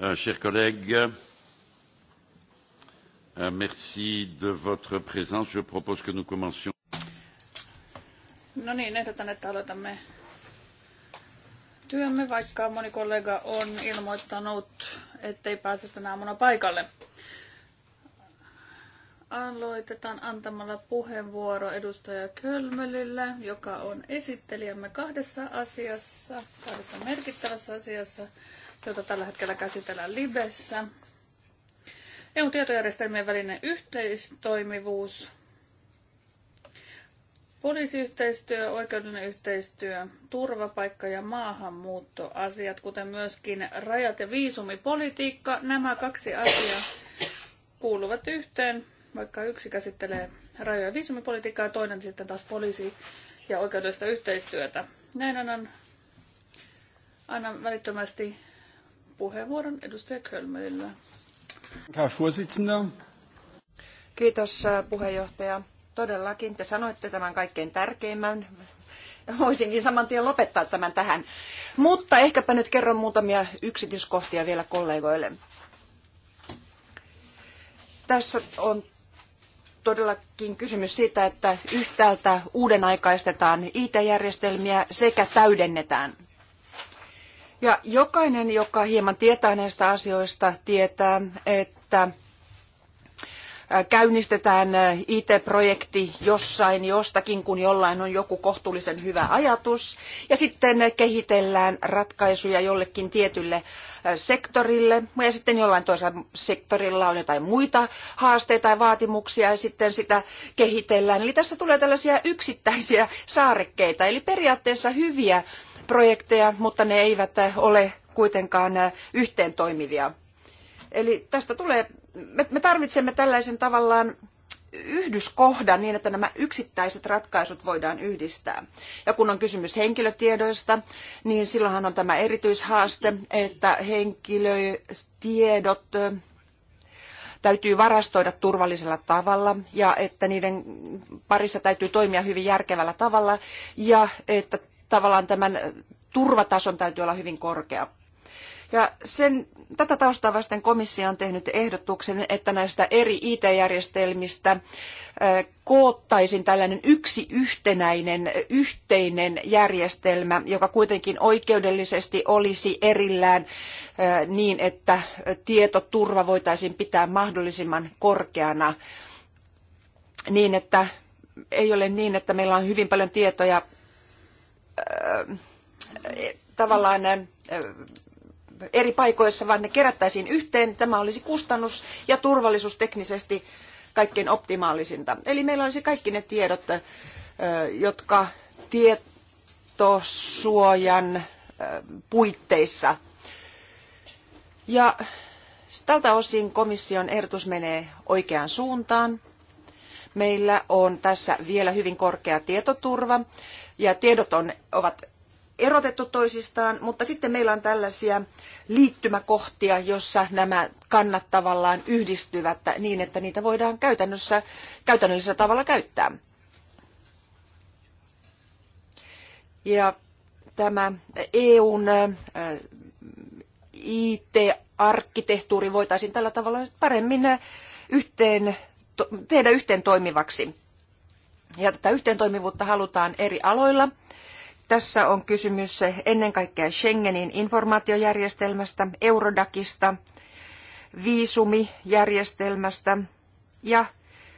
Euh, chers collègues, euh, merci de votre présence. Je propose que nous commencions. No niin, ehdotan, että aloitamme työmme, vaikka moni kollega on ilmoittanut, ettei pääse tänä aamuna paikalle. Aloitetaan antamalla puheenvuoro edustaja Kölmölille, joka on esittelijämme kahdessa asiassa, kahdessa merkittävässä asiassa jota tällä hetkellä käsitellään Libessä. EU-tietojärjestelmien välinen yhteistoimivuus, poliisiyhteistyö, oikeudellinen yhteistyö, turvapaikka- ja maahanmuuttoasiat, kuten myöskin rajat- ja viisumipolitiikka, nämä kaksi asiaa kuuluvat yhteen, vaikka yksi käsittelee rajoja ja viisumipolitiikkaa ja toinen sitten taas poliisi- ja oikeudellista yhteistyötä. Näin annan, annan välittömästi puheenvuoron edustaja Kölmöillä. Kiitos äh, puheenjohtaja. Todellakin te sanoitte tämän kaikkein tärkeimmän. Voisinkin saman tien lopettaa tämän tähän. Mutta ehkäpä nyt kerron muutamia yksityiskohtia vielä kollegoille. Tässä on todellakin kysymys siitä, että yhtäältä uudenaikaistetaan IT-järjestelmiä sekä täydennetään. Ja jokainen, joka hieman tietää näistä asioista, tietää, että käynnistetään IT-projekti jossain jostakin, kun jollain on joku kohtuullisen hyvä ajatus, ja sitten kehitellään ratkaisuja jollekin tietylle sektorille, ja sitten jollain toisella sektorilla on jotain muita haasteita tai vaatimuksia, ja sitten sitä kehitellään. Eli tässä tulee tällaisia yksittäisiä saarekkeita, eli periaatteessa hyviä projekteja, mutta ne eivät äh, ole kuitenkaan äh, yhteen toimivia. Eli tästä tulee, me tarvitsemme tällaisen tavallaan yhdyskohdan niin, että nämä yksittäiset ratkaisut voidaan yhdistää. Ja kun on kysymys henkilötiedoista, niin silloinhan on tämä erityishaaste, että henkilötiedot äh, täytyy varastoida turvallisella tavalla ja että niiden parissa täytyy toimia hyvin järkevällä tavalla ja että tavallaan tämän turvatason täytyy olla hyvin korkea. Ja sen, tätä taustaa vasten komissio on tehnyt ehdotuksen, että näistä eri IT-järjestelmistä koottaisin tällainen yksi yhtenäinen, yhteinen järjestelmä, joka kuitenkin oikeudellisesti olisi erillään niin, että tietoturva voitaisiin pitää mahdollisimman korkeana niin, että ei ole niin, että meillä on hyvin paljon tietoja tavallaan eri paikoissa, vaan ne kerättäisiin yhteen. Tämä olisi kustannus- ja turvallisuusteknisesti kaikkein optimaalisinta. Eli meillä olisi kaikki ne tiedot, jotka tietosuojan puitteissa. Ja tältä osin komission ehdotus menee oikeaan suuntaan. Meillä on tässä vielä hyvin korkea tietoturva ja tiedot on, ovat erotettu toisistaan, mutta sitten meillä on tällaisia liittymäkohtia, jossa nämä kannat tavallaan yhdistyvät niin, että niitä voidaan käytännössä, käytännöllisellä tavalla käyttää. Ja tämä EUn IT-arkkitehtuuri voitaisiin tällä tavalla paremmin yhteen tehdä yhteen toimivaksi. Ja tätä toimivuutta halutaan eri aloilla. Tässä on kysymys ennen kaikkea Schengenin informaatiojärjestelmästä, Eurodakista, viisumijärjestelmästä ja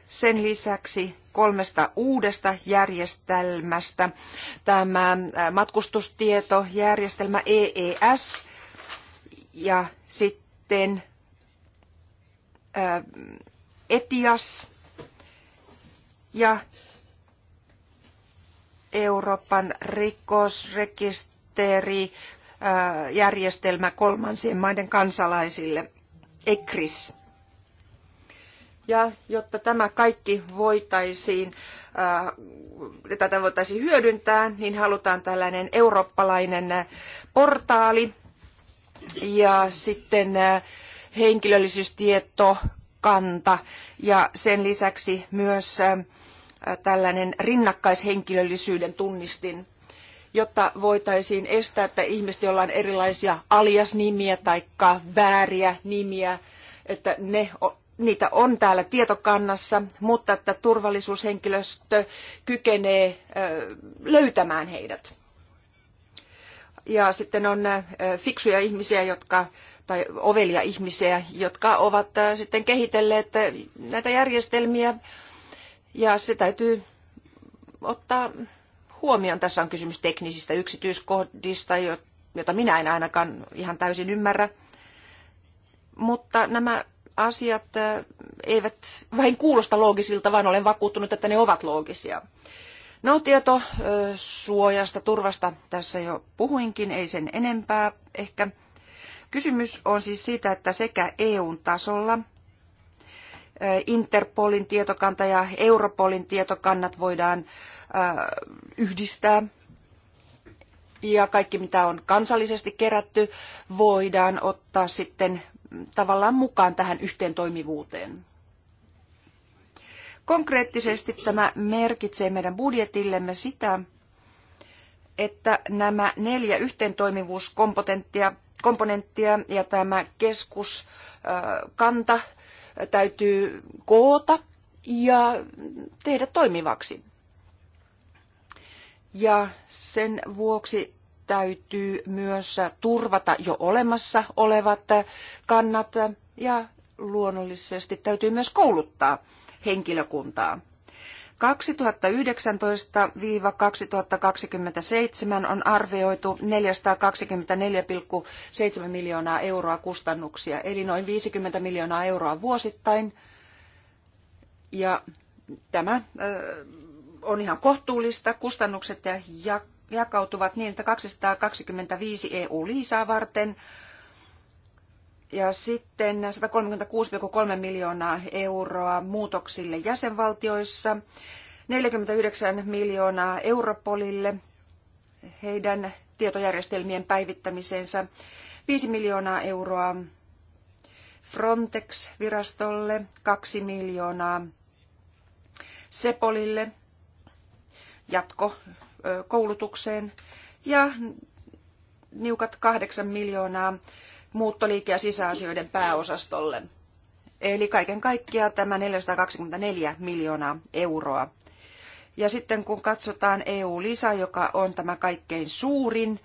sen lisäksi kolmesta uudesta järjestelmästä. Tämä äh, matkustustietojärjestelmä EES ja sitten äh, ETIAS ja Euroopan rikosrekisteri järjestelmä kolmansien maiden kansalaisille, ECRIS. Ja jotta tämä kaikki voitaisiin, tätä voitaisiin hyödyntää, niin halutaan tällainen eurooppalainen portaali ja sitten henkilöllisyystieto kanta ja sen lisäksi myös tällainen rinnakkaishenkilöllisyyden tunnistin, jotta voitaisiin estää, että ihmiset, joilla on erilaisia aliasnimiä tai vääriä nimiä, että ne niitä on täällä tietokannassa, mutta että turvallisuushenkilöstö kykenee löytämään heidät. Ja sitten on fiksuja ihmisiä, jotka tai ovelia ihmisiä, jotka ovat äh, sitten kehitelleet äh, näitä järjestelmiä. Ja se täytyy ottaa huomioon. Tässä on kysymys teknisistä yksityiskohdista, jota minä en ainakaan ihan täysin ymmärrä. Mutta nämä asiat äh, eivät vain kuulosta loogisilta, vaan olen vakuuttunut, että ne ovat loogisia. No tietosuojasta, turvasta tässä jo puhuinkin, ei sen enempää ehkä. Kysymys on siis siitä, että sekä eu tasolla Interpolin tietokanta ja Europolin tietokannat voidaan yhdistää. Ja kaikki, mitä on kansallisesti kerätty, voidaan ottaa sitten tavallaan mukaan tähän yhteen toimivuuteen. Konkreettisesti tämä merkitsee meidän budjetillemme sitä, että nämä neljä yhteentoimivuuskompetenttia komponenttia ja tämä keskuskanta täytyy koota ja tehdä toimivaksi. Ja sen vuoksi täytyy myös turvata jo olemassa olevat kannat ja luonnollisesti täytyy myös kouluttaa henkilökuntaa 2019-2027 on arvioitu 424,7 miljoonaa euroa kustannuksia, eli noin 50 miljoonaa euroa vuosittain. Ja tämä on ihan kohtuullista. Kustannukset jakautuvat niin, että 225 EU-liisaa varten – ja sitten 136,3 miljoonaa euroa muutoksille jäsenvaltioissa, 49 miljoonaa Europolille heidän tietojärjestelmien päivittämiseensä, 5 miljoonaa euroa Frontex-virastolle, 2 miljoonaa Sepolille jatkokoulutukseen ja niukat 8 miljoonaa muuttoliike- ja sisäasioiden pääosastolle. Eli kaiken kaikkiaan tämä 424 miljoonaa euroa. Ja sitten kun katsotaan EU-lisä, joka on tämä kaikkein suurin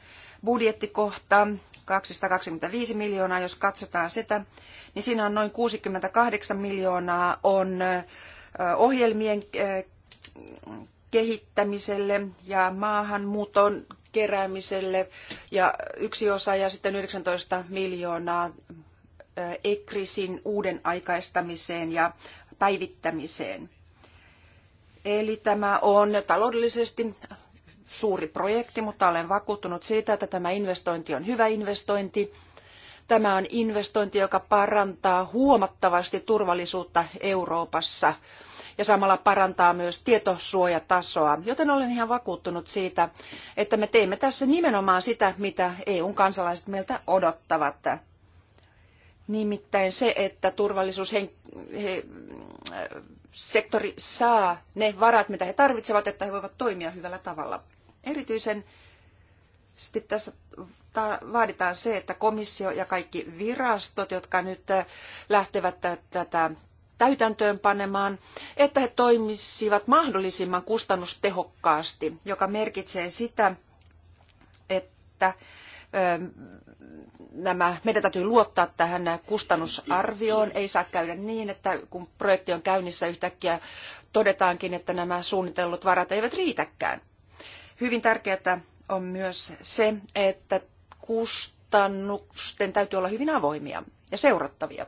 budjettikohta, 225 miljoonaa, jos katsotaan sitä, niin siinä on noin 68 miljoonaa on ohjelmien kehittämiselle ja maahanmuuton keräämiselle ja yksi osa ja sitten 19 miljoonaa ECRISin uuden aikaistamiseen ja päivittämiseen. Eli tämä on taloudellisesti suuri projekti, mutta olen vakuuttunut siitä, että tämä investointi on hyvä investointi. Tämä on investointi, joka parantaa huomattavasti turvallisuutta Euroopassa ja samalla parantaa myös tietosuojatasoa. Joten olen ihan vakuuttunut siitä, että me teemme tässä nimenomaan sitä, mitä EUn kansalaiset meiltä odottavat. Nimittäin se, että turvallisuussektori saa ne varat, mitä he tarvitsevat, että he voivat toimia hyvällä tavalla. Erityisen sitten tässä vaaditaan se, että komissio ja kaikki virastot, jotka nyt äh, lähtevät tätä täytäntöönpanemaan, että he toimisivat mahdollisimman kustannustehokkaasti, joka merkitsee sitä, että nämä, meidän täytyy luottaa tähän kustannusarvioon. Ei saa käydä niin, että kun projekti on käynnissä yhtäkkiä todetaankin, että nämä suunnitellut varat eivät riitäkään. Hyvin tärkeää on myös se, että kustannusten täytyy olla hyvin avoimia ja seurattavia.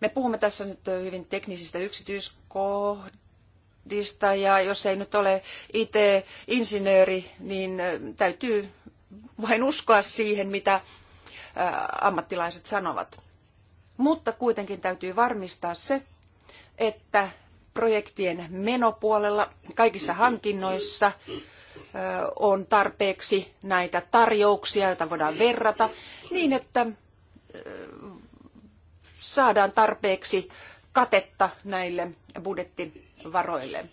Me puhumme tässä nyt hyvin teknisistä yksityiskohdista ja jos ei nyt ole IT-insinööri, niin täytyy vain uskoa siihen, mitä ammattilaiset sanovat. Mutta kuitenkin täytyy varmistaa se, että projektien menopuolella kaikissa hankinnoissa on tarpeeksi näitä tarjouksia, joita voidaan verrata, niin että saadaan tarpeeksi katetta näille budjettivaroille.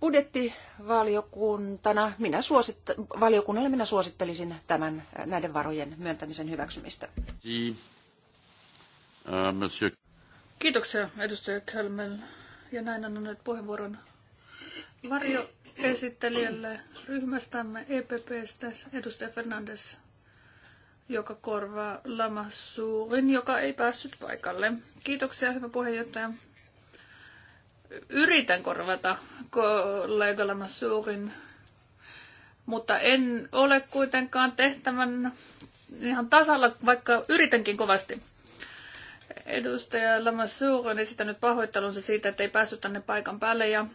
Budjettivaliokuntana minä suositt valiokunnalle minä suosittelisin tämän, näiden varojen myöntämisen hyväksymistä. Kiitoksia edustaja Kölmel. Ja näin annan nyt puheenvuoron varjoesittelijälle ryhmästämme EPPstä, edustaja Fernandes joka korvaa Lamassuurin, joka ei päässyt paikalle. Kiitoksia, hyvä puheenjohtaja. Yritän korvata kollega Lamassuurin, mutta en ole kuitenkaan tehtävän ihan tasalla, vaikka yritänkin kovasti. Edustaja Lamassuur on esittänyt pahoittelunsa siitä, että ei päässyt tänne paikan päälle ja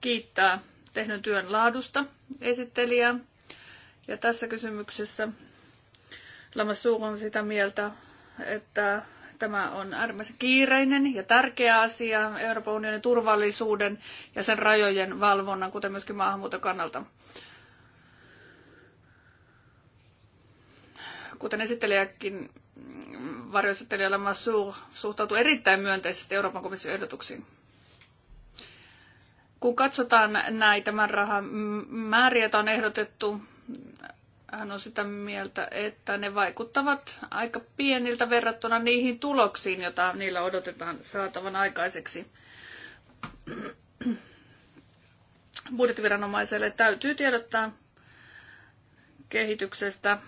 kiittää tehnyt työn laadusta esittelijää. Ja tässä kysymyksessä Lamassuur on sitä mieltä, että tämä on äärimmäisen kiireinen ja tärkeä asia Euroopan unionin turvallisuuden ja sen rajojen valvonnan, kuten myöskin maahanmuuton kannalta. Kuten esittelijäkin varjoesittelijällä Massour suhtautuu erittäin myönteisesti Euroopan komission ehdotuksiin. Kun katsotaan näitä määriä, joita on ehdotettu hän on sitä mieltä, että ne vaikuttavat aika pieniltä verrattuna niihin tuloksiin, joita niillä odotetaan saatavan aikaiseksi. Budjettiviranomaiselle täytyy tiedottaa kehityksestä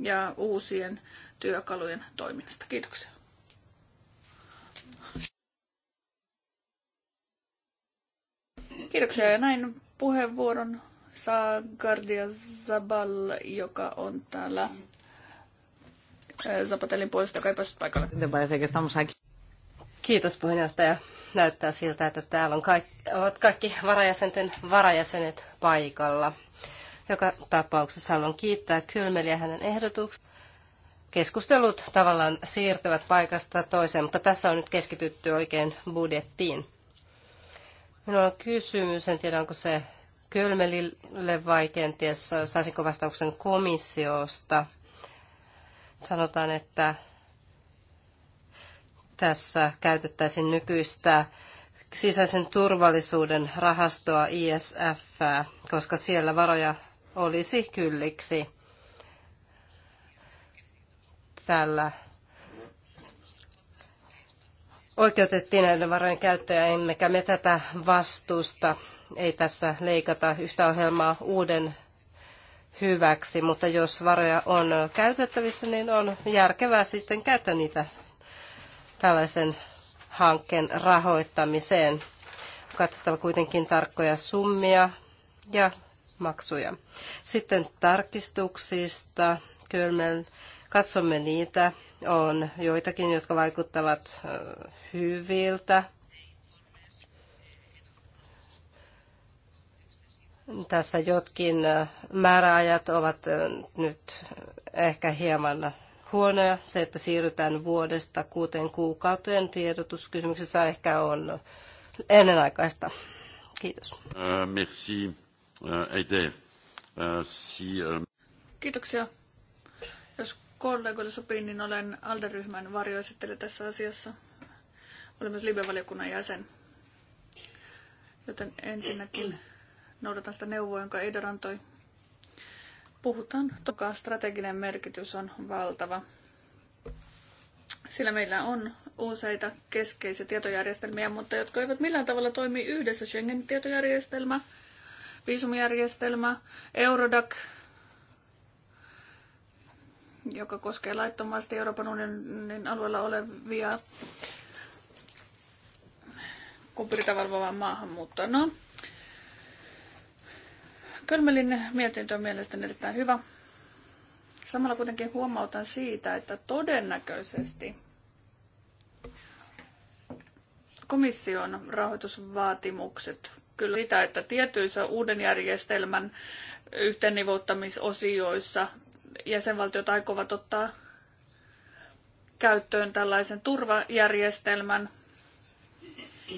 ja uusien työkalujen toiminnasta. Kiitoksia. Kiitoksia ja näin puheenvuoron saa Gardia Zabal, joka on täällä äh, Zapatelin puolesta, joka ei päässyt paikalle. Kiitos puheenjohtaja. Näyttää siltä, että täällä on kaikki, ovat kaikki varajäsenten varajäsenet paikalla. Joka tapauksessa haluan kiittää Kylmeliä hänen ehdotuksensa. Keskustelut tavallaan siirtyvät paikasta toiseen, mutta tässä on nyt keskitytty oikein budjettiin. Minulla on kysymys, en tiedä onko se Kölmelille vai kenties saisinko vastauksen komissiosta. Sanotaan, että tässä käytettäisiin nykyistä sisäisen turvallisuuden rahastoa ISF, koska siellä varoja olisi kylliksi tällä oikeutettiin näiden varojen käyttöä, emmekä me tätä vastusta ei tässä leikata yhtä ohjelmaa uuden hyväksi, mutta jos varoja on käytettävissä, niin on järkevää sitten käyttää niitä tällaisen hankkeen rahoittamiseen. Katsotaan kuitenkin tarkkoja summia ja maksuja. Sitten tarkistuksista. Kyllä katsomme niitä. On joitakin, jotka vaikuttavat hyviltä Tässä jotkin määräajat ovat nyt ehkä hieman huonoja. Se, että siirrytään vuodesta kuuteen kuukauteen tiedotuskysymyksessä ehkä on ennenaikaista. Kiitos. merci, si, Kiitoksia. Jos kollegoille sopii, niin olen ALDE-ryhmän varjoesittelijä tässä asiassa. Olen myös Libe-valiokunnan jäsen. Joten ensinnäkin noudatan sitä neuvoa, jonka Eidor antoi. Puhutaan, toka strateginen merkitys on valtava. Sillä meillä on useita keskeisiä tietojärjestelmiä, mutta jotka eivät millään tavalla toimi yhdessä. Schengen-tietojärjestelmä, viisumijärjestelmä, Eurodac, joka koskee laittomasti Euroopan unionin alueella olevia kun pyritään maahanmuuttoa. No, Kölmelin mietintö on mielestäni erittäin hyvä. Samalla kuitenkin huomautan siitä, että todennäköisesti komission rahoitusvaatimukset kyllä sitä, että tietyissä uuden järjestelmän yhteennivouttamisosioissa jäsenvaltiot aikovat ottaa käyttöön tällaisen turvajärjestelmän –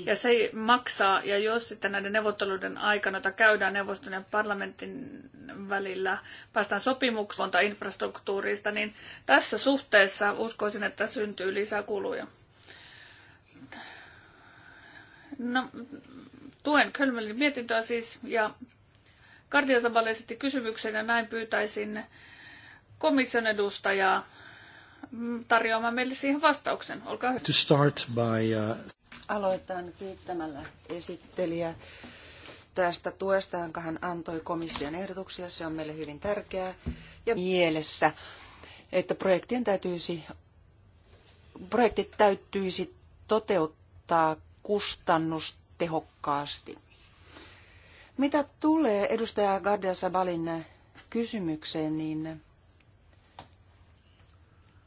ja se maksaa. Ja jos sitten näiden neuvotteluiden aikana, jota käydään neuvoston ja parlamentin välillä, päästään sopimukseen infrastruktuurista, niin tässä suhteessa uskoisin, että syntyy lisää kuluja. No, tuen Kölmelin mietintöä siis ja Kardiasabal esitti kysymyksen ja näin pyytäisin komission edustajaa tarjoamaan meille siihen vastauksen. Olkaa hyvä. To start by, uh... Aloitan kiittämällä esittelijä tästä tuesta, jonka hän antoi komission ehdotuksia, Se on meille hyvin tärkeää ja mielessä, että projektien täytyisi, projektit täytyisi toteuttaa kustannustehokkaasti. Mitä tulee edustaja Gardia Sabalin kysymykseen, niin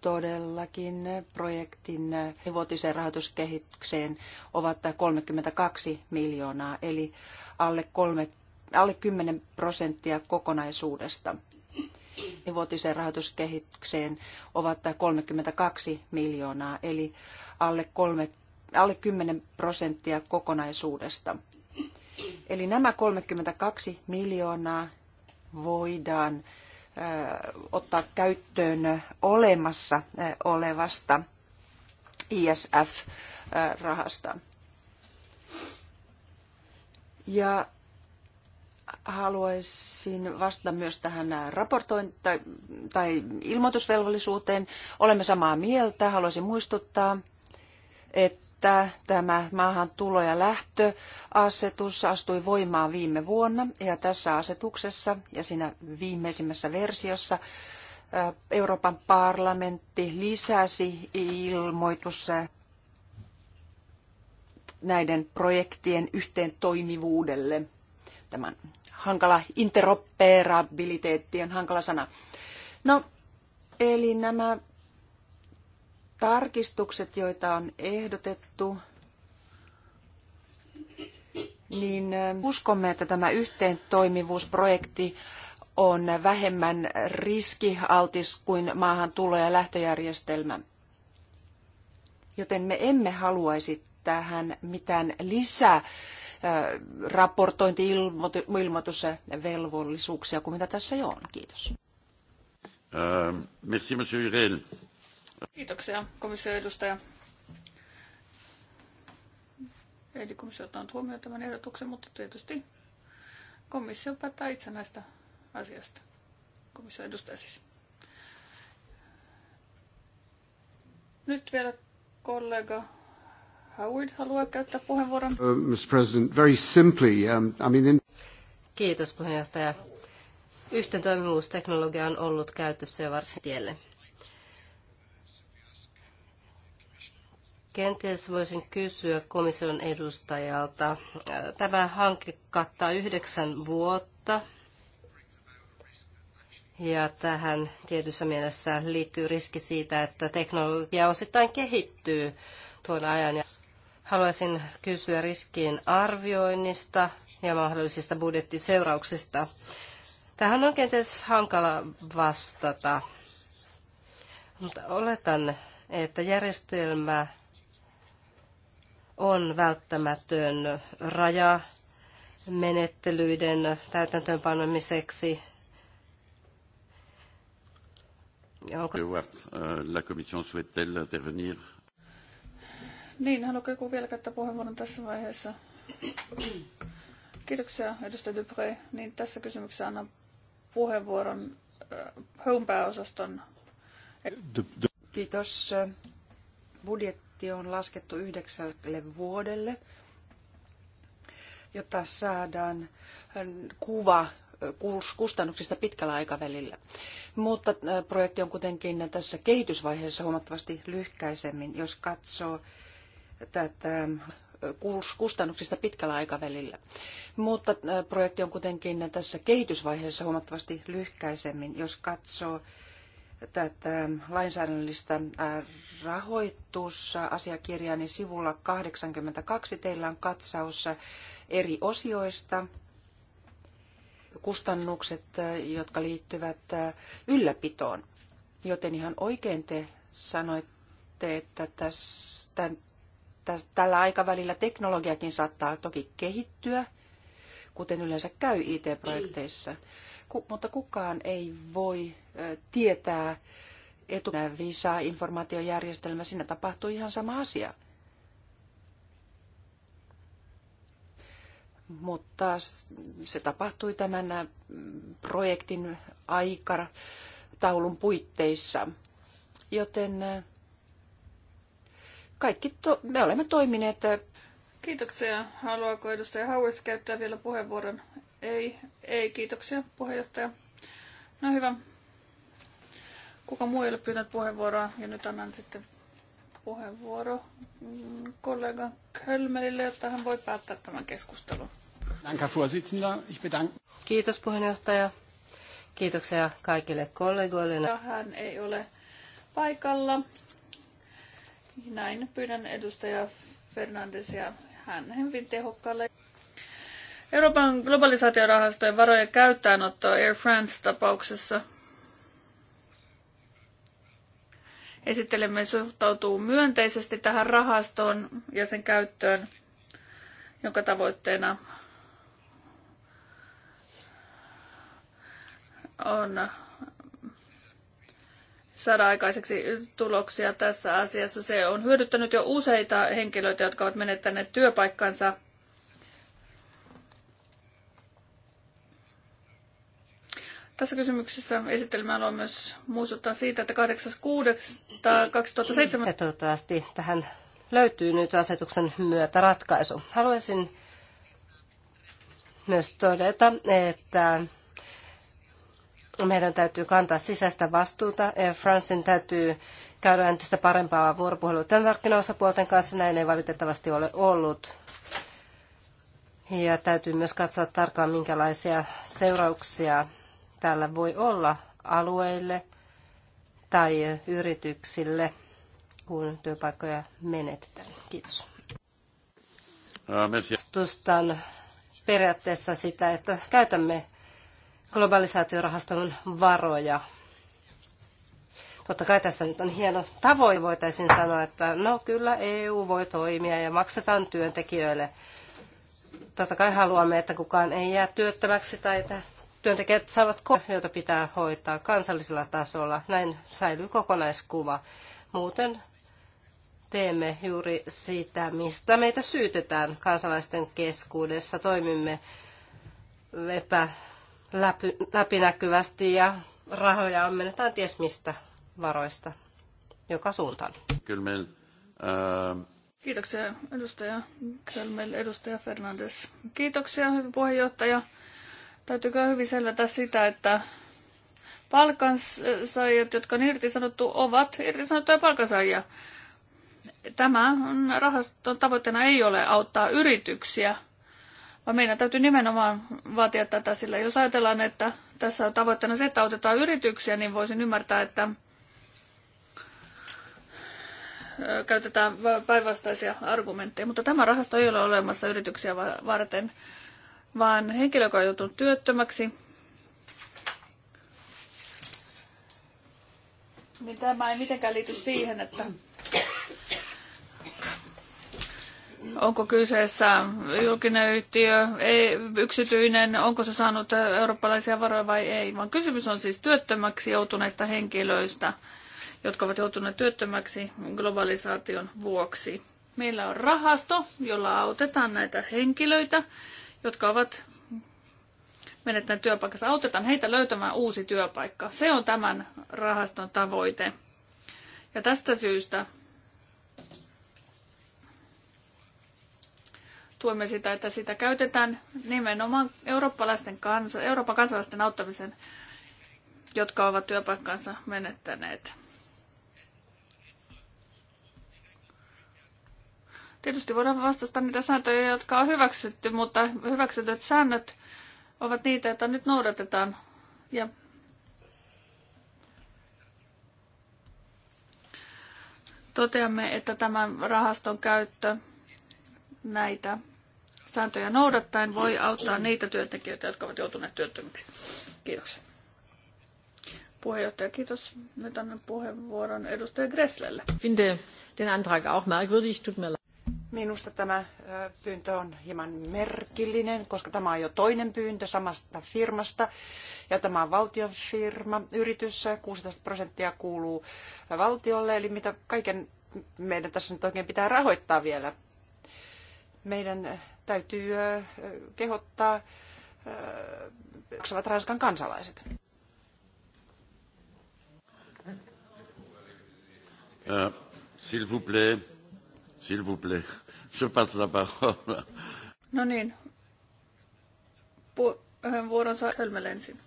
todellakin projektin vuotiseen rahoituskehitykseen ovat 32 miljoonaa, eli alle, kolme, alle 10 prosenttia kokonaisuudesta. Vuotiseen rahoituskehitykseen ovat 32 miljoonaa, eli alle, kolme, alle 10 prosenttia kokonaisuudesta. Eli nämä 32 miljoonaa voidaan ottaa käyttöön olemassa olevasta ISF-rahasta. Ja haluaisin vastata myös tähän raportointi- tai, tai ilmoitusvelvollisuuteen. Olemme samaa mieltä. Haluaisin muistuttaa, että että tämä maahan tulo- ja lähtöasetus astui voimaan viime vuonna ja tässä asetuksessa ja siinä viimeisimmässä versiossa Euroopan parlamentti lisäsi ilmoitus näiden projektien yhteen toimivuudelle. Tämän hankala interoperabiliteetti on hankala sana. No, eli nämä tarkistukset, joita on ehdotettu, niin uskomme, että tämä yhteentoimivuusprojekti on vähemmän riskialtis kuin maahan tulo- ja lähtöjärjestelmä. Joten me emme haluaisi tähän mitään lisää raportointi-ilmoitusvelvollisuuksia kuin mitä tässä jo on. Kiitos. Uh, merci, monsieur Kiitoksia, komission edustaja. Eli komissio ottaa huomioon tämän ehdotuksen, mutta tietysti komissio päättää itse näistä asiasta. Komissio edustaja siis. Nyt vielä kollega Howard haluaa käyttää puheenvuoron. Uh, Mr. President, very simply, um, I mean in... Kiitos puheenjohtaja. Yhteentoimivuusteknologia on ollut käytössä jo varsin tielle. Kenties voisin kysyä komission edustajalta. Tämä hanke kattaa yhdeksän vuotta. Ja tähän tietyssä mielessä liittyy riski siitä, että teknologia osittain kehittyy tuon ajan. Haluaisin kysyä riskien arvioinnista ja mahdollisista budjettiseurauksista. Tähän on kenties hankala vastata, mutta oletan, että järjestelmä on välttämätön raja menettelyiden täytäntöönpanemiseksi. Onko... Euh, la commission souhaite-t-elle intervenir? Niin, haluatko joku vielä käyttää puheenvuoron tässä vaiheessa? Kiitoksia, edustaja Dupré. Niin, tässä kysymyksessä annan puheenvuoron äh, Home pääosaston. Kiitos budjetti on laskettu yhdeksälle vuodelle, jotta saadaan kuva kustannuksista pitkällä aikavälillä. Mutta äh, projekti on kuitenkin tässä kehitysvaiheessa huomattavasti lyhkäisemmin, jos katsoo tätä äh, kustannuksista pitkällä aikavälillä. Mutta äh, projekti on kuitenkin tässä kehitysvaiheessa huomattavasti lyhkäisemmin, jos katsoo tätä lainsäädännöllistä rahoitusasiakirjaa, niin sivulla 82 teillä on katsaus eri osioista. Kustannukset, jotka liittyvät ylläpitoon. Joten ihan oikein te sanoitte, että tästä, tällä aikavälillä teknologiakin saattaa toki kehittyä, kuten yleensä käy IT-projekteissa. Ku, mutta kukaan ei voi tietää etukäteen visaa informaatiojärjestelmä, siinä tapahtuu ihan sama asia. Mutta se tapahtui tämän projektin aikataulun puitteissa. Joten kaikki to- me olemme toimineet. Kiitoksia. Haluaako edustaja Hauis käyttää vielä puheenvuoron? Ei, ei, kiitoksia puheenjohtaja. No hyvä. Kuka muu ei ole pyytänyt puheenvuoroa ja nyt annan sitten puheenvuoro mm, kollega Kölmerille, jotta hän voi päättää tämän keskustelun. Kiitos puheenjohtaja. Kiitoksia kaikille kollegoille. Hän ei ole paikalla. Näin pyydän edustaja Fernandesia hän hyvin tehokkaalle. Euroopan globalisaatiorahastojen varojen käyttäenotto Air France-tapauksessa Esittelemme suhtautuu myönteisesti tähän rahastoon ja sen käyttöön, jonka tavoitteena on saada aikaiseksi tuloksia tässä asiassa. Se on hyödyttänyt jo useita henkilöitä, jotka ovat menettäneet työpaikkansa Tässä kysymyksessä esittelemme haluan myös muistuttaa siitä, että 8.6.2007... toivottavasti tähän löytyy nyt asetuksen myötä ratkaisu. Haluaisin myös todeta, että meidän täytyy kantaa sisäistä vastuuta. Air Francein täytyy käydä entistä parempaa vuoropuhelua työmarkkinaosapuolten kanssa. Näin ei valitettavasti ole ollut. Ja täytyy myös katsoa tarkkaan, minkälaisia seurauksia tällä voi olla alueille tai yrityksille, kun työpaikkoja menetetään. Kiitos. Äh, Vastustan periaatteessa sitä, että käytämme globalisaatiorahaston varoja. Totta kai tässä nyt on hieno tavoite, voitaisiin sanoa, että no kyllä EU voi toimia ja maksetaan työntekijöille. Totta kai haluamme, että kukaan ei jää työttömäksi tai että työntekijät saavat kohtia, joita pitää hoitaa kansallisella tasolla. Näin säilyy kokonaiskuva. Muuten teemme juuri sitä, mistä meitä syytetään kansalaisten keskuudessa. Toimimme epä läpi, läpinäkyvästi ja rahoja ammennetaan ties mistä varoista joka suuntaan. Kyllä ää... Ähm. Kiitoksia edustaja Kölmel, edustaja Fernandes. Kiitoksia puheenjohtaja. Täytyykö hyvin selvätä sitä, että palkansaajat, jotka on irtisanottu, ovat irtisanottuja palkansaajia. Tämä rahaston tavoitteena ei ole auttaa yrityksiä, vaan meidän täytyy nimenomaan vaatia tätä, sillä jos ajatellaan, että tässä on tavoitteena se, että autetaan yrityksiä, niin voisin ymmärtää, että käytetään päinvastaisia argumentteja, mutta tämä rahasto ei ole olemassa yrityksiä varten vaan henkilö, joka on joutunut työttömäksi, niin tämä ei mitenkään liity siihen, että onko kyseessä julkinen yhtiö, ei, yksityinen, onko se saanut eurooppalaisia varoja vai ei, vaan kysymys on siis työttömäksi joutuneista henkilöistä, jotka ovat joutuneet työttömäksi globalisaation vuoksi. Meillä on rahasto, jolla autetaan näitä henkilöitä jotka ovat menettäneet työpaikkansa, autetaan heitä löytämään uusi työpaikka. Se on tämän rahaston tavoite. Ja tästä syystä tuemme sitä, että sitä käytetään nimenomaan eurooppalaisten kansa, Euroopan kansalaisten auttamisen, jotka ovat työpaikkansa menettäneet. Tietysti voidaan vastustaa niitä sääntöjä, jotka on hyväksytty, mutta hyväksytyt säännöt ovat niitä, joita nyt noudatetaan. Ja toteamme, että tämän rahaston käyttö näitä sääntöjä noudattaen voi auttaa niitä työntekijöitä, jotka ovat joutuneet työttömiksi. Kiitoksia. Puheenjohtaja, kiitos. Nyt annan puheenvuoron edustaja Gresslelle. Finde den Antrag auch merkwürdig, tut mir leid. Minusta tämä pyyntö on hieman merkillinen, koska tämä on jo toinen pyyntö samasta firmasta. Ja tämä on valtion firma, yritys, 16 prosenttia kuuluu valtiolle, eli mitä kaiken meidän tässä nyt oikein pitää rahoittaa vielä. Meidän täytyy kehottaa maksavat Ranskan kansalaiset. Euh, s'il vous plaît. S'il vous plaît, je passe la parole. No niin. Puheenvuoronsa äh, Hölmel ensin.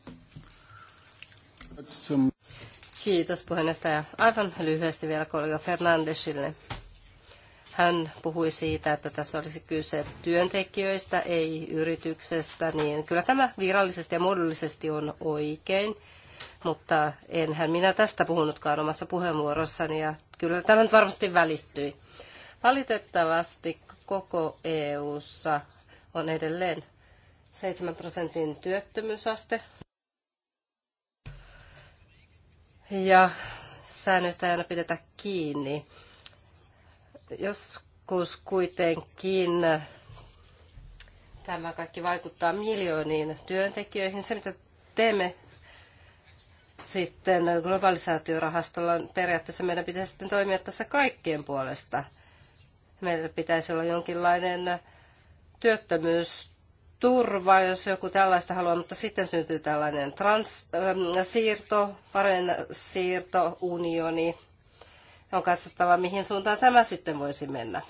Kiitos puheenjohtaja. Aivan lyhyesti vielä kollega Fernandesille. Hän puhui siitä, että tässä olisi kyse työntekijöistä, ei yrityksestä, niin kyllä tämä virallisesti ja muodollisesti on oikein, mutta enhän minä tästä puhunutkaan omassa puheenvuorossani ja kyllä tämä nyt varmasti välittyi. Valitettavasti koko EU:ssa on edelleen 7 prosentin työttömyysaste. Ja säännöistä ei aina pidetä kiinni. Joskus kuitenkin tämä kaikki vaikuttaa miljooniin työntekijöihin. Se, mitä teemme sitten globalisaatiorahastolla, periaatteessa meidän pitäisi sitten toimia tässä kaikkien puolesta – Meillä pitäisi olla jonkinlainen työttömyysturva, jos joku tällaista haluaa, mutta sitten syntyy tällainen transsiirto, ähm, siirto, paren siirto, unioni. On katsottava, mihin suuntaan tämä sitten voisi mennä.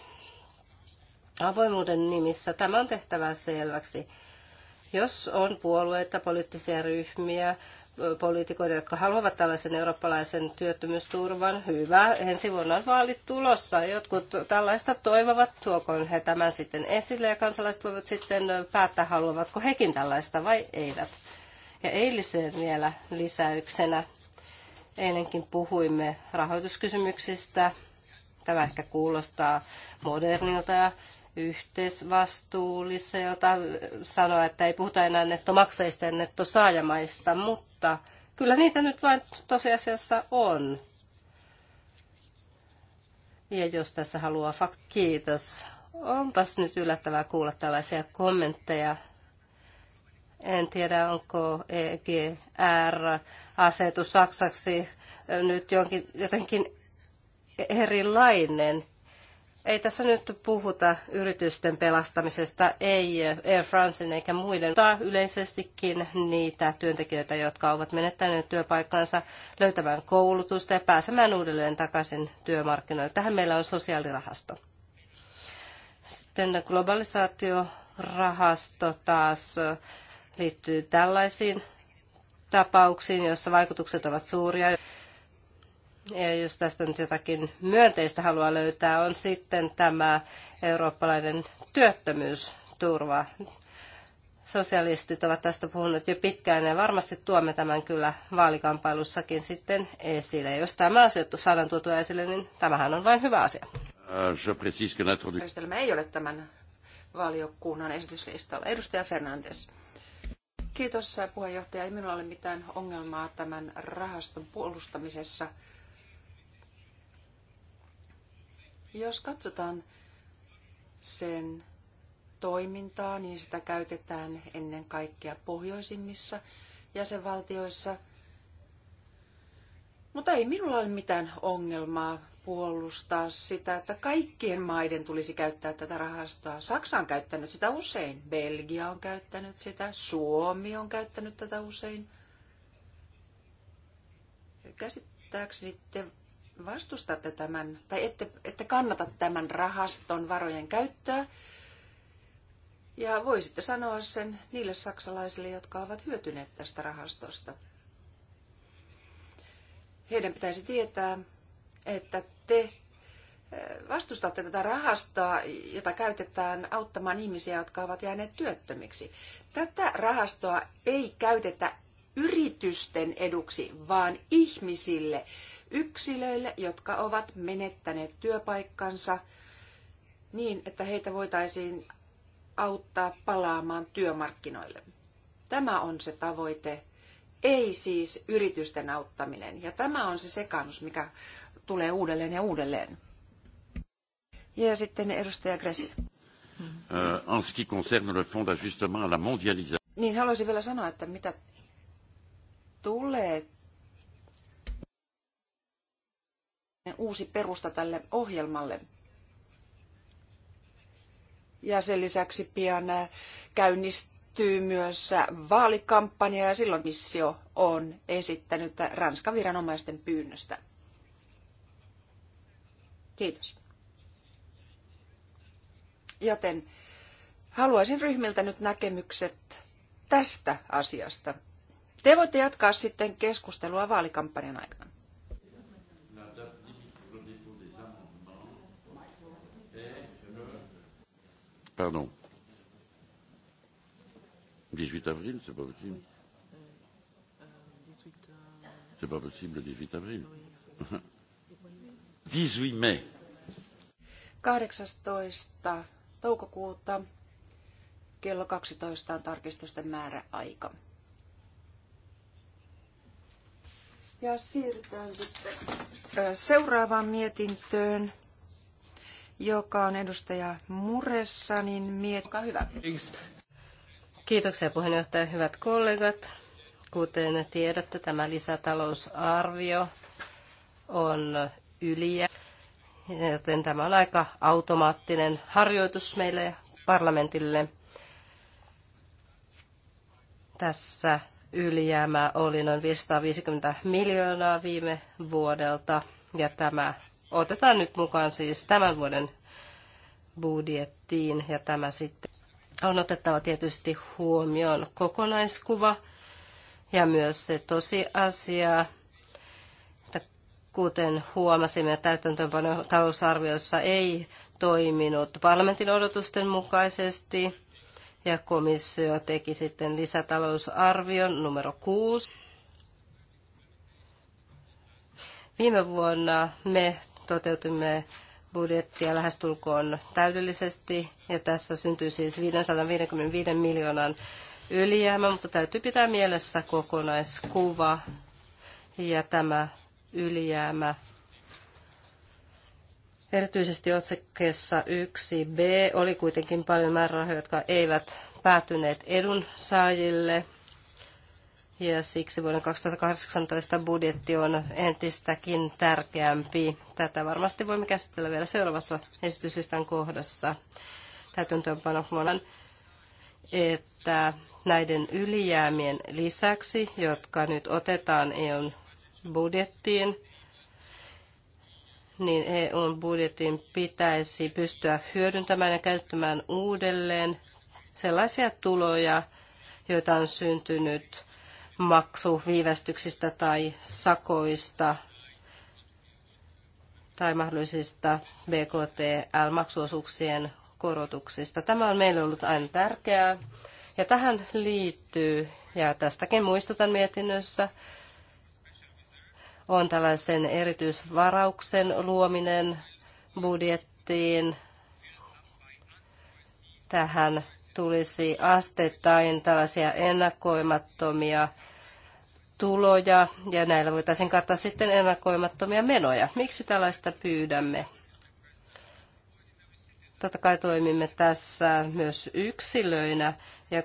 Avoimuuden nimissä tämä on tehtävä selväksi. Jos on puolueita, poliittisia ryhmiä, poliitikoita, jotka haluavat tällaisen eurooppalaisen työttömyysturvan. Hyvä, ensi vuonna on vaalit tulossa. Jotkut tällaista toivovat, tuokoon he tämän sitten esille ja kansalaiset voivat sitten päättää, haluavatko hekin tällaista vai eivät. Ja eiliseen vielä lisäyksenä. Eilenkin puhuimme rahoituskysymyksistä. Tämä ehkä kuulostaa modernilta ja yhteisvastuulliselta sanoa, että ei puhuta enää nettomaksajista ja nettosaajamaista, mutta kyllä niitä nyt vain tosiasiassa on. Ja jos tässä haluaa fak- Kiitos. Onpas nyt yllättävää kuulla tällaisia kommentteja. En tiedä, onko EGR-asetus Saksaksi nyt jonkin, jotenkin erilainen ei tässä nyt puhuta yritysten pelastamisesta, ei Air Francein eikä muiden, mutta yleisestikin niitä työntekijöitä, jotka ovat menettäneet työpaikkansa löytämään koulutusta ja pääsemään uudelleen takaisin työmarkkinoille. Tähän meillä on sosiaalirahasto. Sitten globalisaatiorahasto taas liittyy tällaisiin tapauksiin, joissa vaikutukset ovat suuria. Ja jos tästä nyt jotakin myönteistä haluaa löytää, on sitten tämä eurooppalainen työttömyysturva. Sosialistit ovat tästä puhuneet jo pitkään ja varmasti tuomme tämän kyllä vaalikamppailussakin sitten esille. Jos tämä asia saadaan tuotua esille, niin tämähän on vain hyvä asia. Euh, Järjestelmä ei ole tämän valiokunnan esityslistalla. Edustaja Fernandes. Kiitos puheenjohtaja. Ei minulla ole mitään ongelmaa tämän rahaston puolustamisessa – Jos katsotaan sen toimintaa, niin sitä käytetään ennen kaikkea pohjoisimmissa jäsenvaltioissa. Mutta ei minulla ole mitään ongelmaa puolustaa sitä, että kaikkien maiden tulisi käyttää tätä rahastoa. Saksa on käyttänyt sitä usein, Belgia on käyttänyt sitä, Suomi on käyttänyt tätä usein. Käsittääkseni te vastustatte tämän, tai ette, ette kannata tämän rahaston varojen käyttöä, ja voisitte sanoa sen niille saksalaisille, jotka ovat hyötyneet tästä rahastosta. Heidän pitäisi tietää, että te eh, vastustatte tätä rahastoa, jota käytetään auttamaan ihmisiä, jotka ovat jääneet työttömiksi. Tätä rahastoa ei käytetä yritysten eduksi, vaan ihmisille, yksilöille, jotka ovat menettäneet työpaikkansa niin, että heitä voitaisiin auttaa palaamaan työmarkkinoille. Tämä on se tavoite, ei siis yritysten auttaminen. Ja tämä on se sekaannus, mikä tulee uudelleen ja uudelleen. Ja sitten edustaja Gressel. Euh, en ce qui concerne le fonds d'ajustement à la mondialisation. Niin haluaisin vielä sanoa, että mitä tulee uusi perusta tälle ohjelmalle. Ja sen lisäksi pian käynnistyy myös vaalikampanja ja silloin missio on esittänyt Ranskan viranomaisten pyynnöstä. Kiitos. Joten haluaisin ryhmiltä nyt näkemykset tästä asiasta. Te voitte jatkaa sitten keskustelua vaalikampanjan aikana. Pardon. 18 avril, c'est pas possible. C'est pas possible le 18 avril. 18 mai. 18. toukokuuta kello 12 on tarkistusten määräaika. Ja siirrytään sitten seuraavaan mietintöön, joka on edustaja Muressanin mietintö. Olkaa hyvä. Kiitoksia puheenjohtaja, hyvät kollegat. Kuten tiedätte, tämä lisätalousarvio on yliä, joten tämä on aika automaattinen harjoitus meille parlamentille. Tässä ylijäämää oli noin 550 miljoonaa viime vuodelta ja tämä otetaan nyt mukaan siis tämän vuoden budjettiin ja tämä sitten on otettava tietysti huomioon kokonaiskuva ja myös se tosiasia, että kuten huomasimme, täytäntöönpano talousarviossa ei toiminut parlamentin odotusten mukaisesti ja komissio teki sitten lisätalousarvion numero 6. Viime vuonna me toteutimme budjettia lähestulkoon täydellisesti ja tässä syntyi siis 555 miljoonan ylijäämä, mutta täytyy pitää mielessä kokonaiskuva ja tämä ylijäämä Erityisesti otsakkeessa 1b oli kuitenkin paljon määrärahoja, jotka eivät päätyneet edunsaajille. Ja siksi vuoden 2018 budjetti on entistäkin tärkeämpi. Tätä varmasti voimme käsitellä vielä seuraavassa esityslistan kohdassa huomioon, että näiden ylijäämien lisäksi, jotka nyt otetaan EUn budjettiin, niin EUn budjetin pitäisi pystyä hyödyntämään ja käyttämään uudelleen sellaisia tuloja, joita on syntynyt maksuviivästyksistä tai sakoista tai mahdollisista BKTL-maksuosuuksien korotuksista. Tämä on meille ollut aina tärkeää. Ja tähän liittyy, ja tästäkin muistutan mietinnössä, on tällaisen erityisvarauksen luominen budjettiin. Tähän tulisi asteittain tällaisia ennakoimattomia tuloja ja näillä voitaisiin kattaa sitten ennakoimattomia menoja. Miksi tällaista pyydämme? Totta kai toimimme tässä myös yksilöinä ja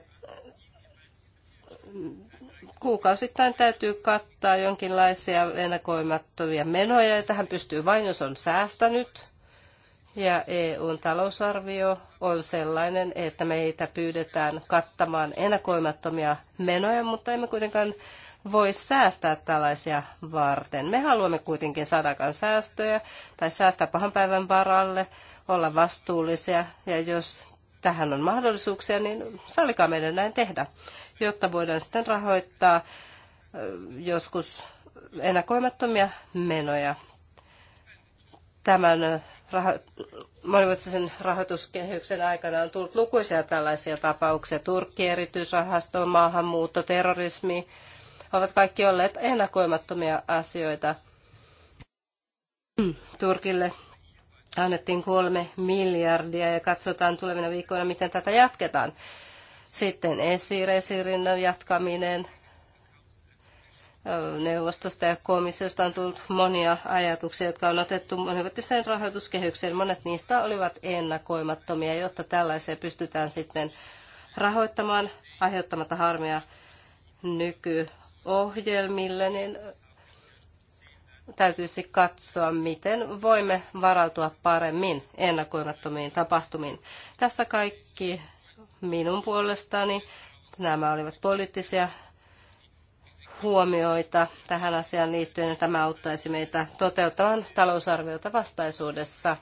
kuukausittain täytyy kattaa jonkinlaisia ennakoimattomia menoja, ja tähän pystyy vain, jos on säästänyt. Ja EUn talousarvio on sellainen, että meitä pyydetään kattamaan ennakoimattomia menoja, mutta emme kuitenkaan voi säästää tällaisia varten. Me haluamme kuitenkin sadakan säästöjä tai säästää pahan päivän varalle, olla vastuullisia ja jos tähän on mahdollisuuksia, niin sallikaa meidän näin tehdä, jotta voidaan sitten rahoittaa joskus ennakoimattomia menoja tämän raho- monivuotisen rahoituskehyksen aikana on tullut lukuisia tällaisia tapauksia. Turkki, erityisrahasto, maahanmuutto, terrorismi ovat kaikki olleet ennakoimattomia asioita mm, Turkille annettiin kolme miljardia ja katsotaan tulevina viikkoina, miten tätä jatketaan. Sitten esiresirinnän jatkaminen. Neuvostosta ja komissiosta on tullut monia ajatuksia, jotka on otettu monivuotiseen rahoituskehykseen. Monet niistä olivat ennakoimattomia, jotta tällaisia pystytään sitten rahoittamaan aiheuttamatta harmia nykyohjelmille, niin täytyisi katsoa, miten voimme varautua paremmin ennakoimattomiin tapahtumiin. Tässä kaikki minun puolestani. Nämä olivat poliittisia huomioita tähän asiaan liittyen, ja tämä auttaisi meitä toteuttamaan talousarviota vastaisuudessa.